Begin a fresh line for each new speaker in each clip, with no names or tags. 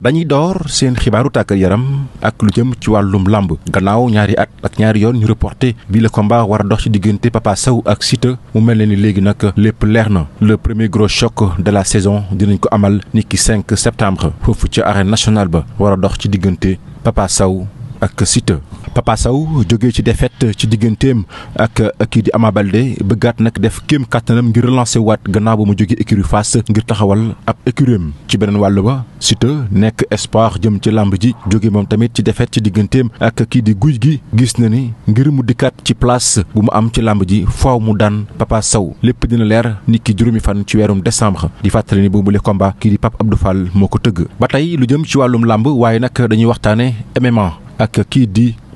dañuy door seen xibaaru tàggat yaram ak lu jëm ci wàllum làmb gannaaw ñaari at ak ñaari yoon ñu reporté bi le combat war a dox ci diggante Papa Sow ak Siteu mu mel ne ni léegi nag lépp leer na le premier gros choc de la saison dinañ ko amal ni ki 5 septembre foofu ci arène nationale ba war a dox ci diggante Papa ak Siteu Papa Sow jógee ci défaite ci digganteem ak kii di Ama Baldé bëggaat nag def kéem kattanam ngir relancer waat gannaaw ba mu jógee écurie Fass ngir taxawal ab écurie ci beneen wàll ba Siteu nekk espoir jëm ci làmb ji jóge moom tamit ci défaite ci digganteem ak kii di guy gi gis na ni ngir mu dikkaat ci place bu mu am ci làmb ji faaw mu daan Papa Sow lépp dina leer nit ki juróomi fan ci weerum décembre di fàttali ni boobu le combat kii di Pape Abdou Fall moo ko tëgg ba tey lu jëm ci làmb waaye nag dañuy waxtaane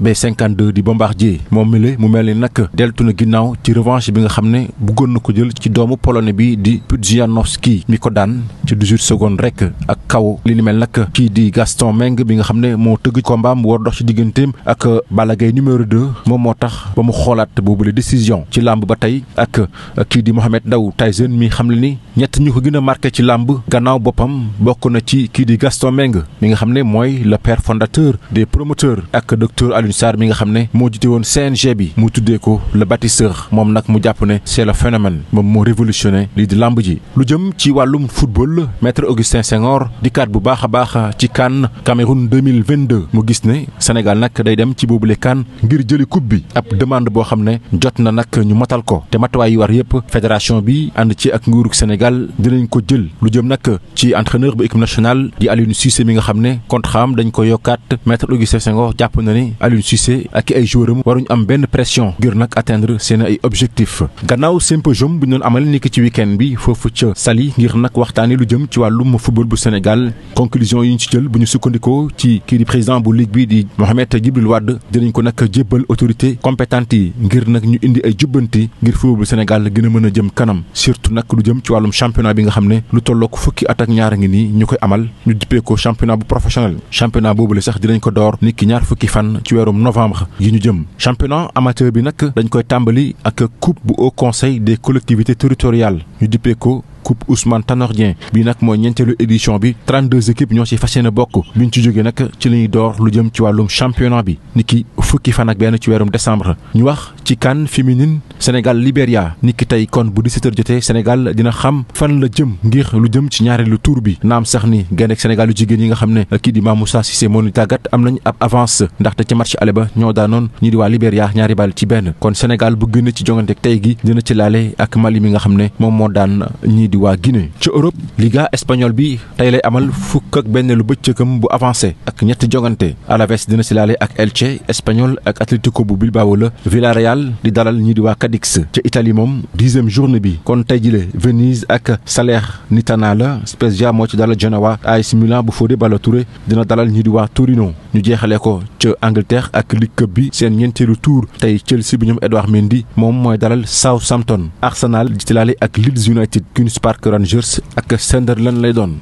B52 di bombardier moom mi la mu mel ni nag deltu na ginnaaw ci revanche bi nga xam ne bëggoon na ko jël ci doomu polonais bi di Pudzianowski mi ko daan ci 18 secondes rek ak kaw li ni mel nag kii di Gaston Meng bi nga xam ne moo tëgg ko mbaam war dox ci digganteem ak Balla Gaye numéro 2 moom moo tax ba mu xoolaat boobu boobule décision ci làmb ba tey ak kii di Mohamed Daw Tyson mi xam ne ni ñett ñu ko gën a marqué ci làmb gannaaw boppam bokk na ci kii di Gaston Meng mi nga xam ne mooy le père fondateur des Alioune mi nga xam ne moo jiite woon CNG bi mu tuddee ko le bâtisseur moom nag mu jàpp ne c'est le phénomène moom moo révolutionné lii di làmb ji lu jëm ci wàllum football maître Augustin Senghor dikkaat bu baax a baax ci CAN Cameroun 2022 mu gis ne Sénégal nag day dem ci boobule CAN ngir jëli coupe bi ab demande boo xam ne jot na nag ñu matal ko te matuwaay yi war yépp fédération bi ànd ci ak nguurug Sénégal dinañ ko jël lu jëm nag ci entraîneur bu équipe nationale di Aliou Cissé mi nga xam ne contrat dañ ko yokkaat maître Augustin Senghor jàpp na ni Aliou Aliou Cissé ak ay joueur am waruñu am benn pression ngir nag atteindre seen ay objectif gannaaw symposium bu ñu doon amal niki ci week-end bi foofu ca Saly ngir nag waxtaane lu jëm ci wàllum football bu Sénégal conclusion yi ñu ci jël bu ñu sukkandikoo ci kii di président bu ligue bi di Mohamed Djibril Wade dinañ ko nag jébbal autorité compétente yi ngir nag ñu indi ay jubbanti ngir football bu Sénégal gën a mën a jëm kanam surtout nag lu jëm ci wàllum championnat bi nga xam ne lu tollook fukki at ak ngi nii ñu koy amal ñu dippee ko championnat bu professionnel championnat boobu la sax dinañ ko door weerum novembre yi ñu jëm championnat amateur bi nag dañ koy tàmbali ak coupe bu haut conseil des collectivité territoriale ñu dippee ko coupe Ousmane Tanor Dieng bi nag mooy ñeenteelu édition bi 32 équipes ñoo ci fas yéene bokk biñ ci jógee nag ci la ñuy door lu jëm ci wàllum championnat bi niki fukki fan ak benn ci weerum décembre ñu wax ci CAN féminine Sénégal Libéria niki tey kon bu 17h jotee Sénégal dina xam fan la jëm ngir lu jëm ci ñaareelu tuur bi naam sax ni gaynde Sénégal yu jigéen yi nga xam ne kii di Mamoussa Cissé moo ñu tàggat am nañ ab avance ndaxte ci match ale ba ñoo daanoon ñi di waa Libéria ñaari bal ci benn kon Sénégal bu gën ci jongante tey gi dina ci laale ak Mali mi nga xam ne moom moo daan di waa Guinée ca Europe Liga espagnol bi tey lay amal fukk ak benn lu bëccëgam bu avancé ak ñetti jongante Alaves dina si laale ak Elche espagnol ak Atlético bu Bilbao la Villarreal di dalal ñi di waa Cadix ca Italie moom dixième journée bi kon tey jile Venise ak Salernitana la Spezia moo ci dalal Genoa AS Milan bu Fodé Ballo-Touré dina dalal ñii di waa Torino ñu jeexale ko ca Angleterre ak League Cup bi seen ñeenteelu tour tey Chelsea bi ñoom Edouard Mendy moom mooy dalal Southampton Arsenal di ci laale ak Leeds United Park Rangers ak Sunderland lay doon.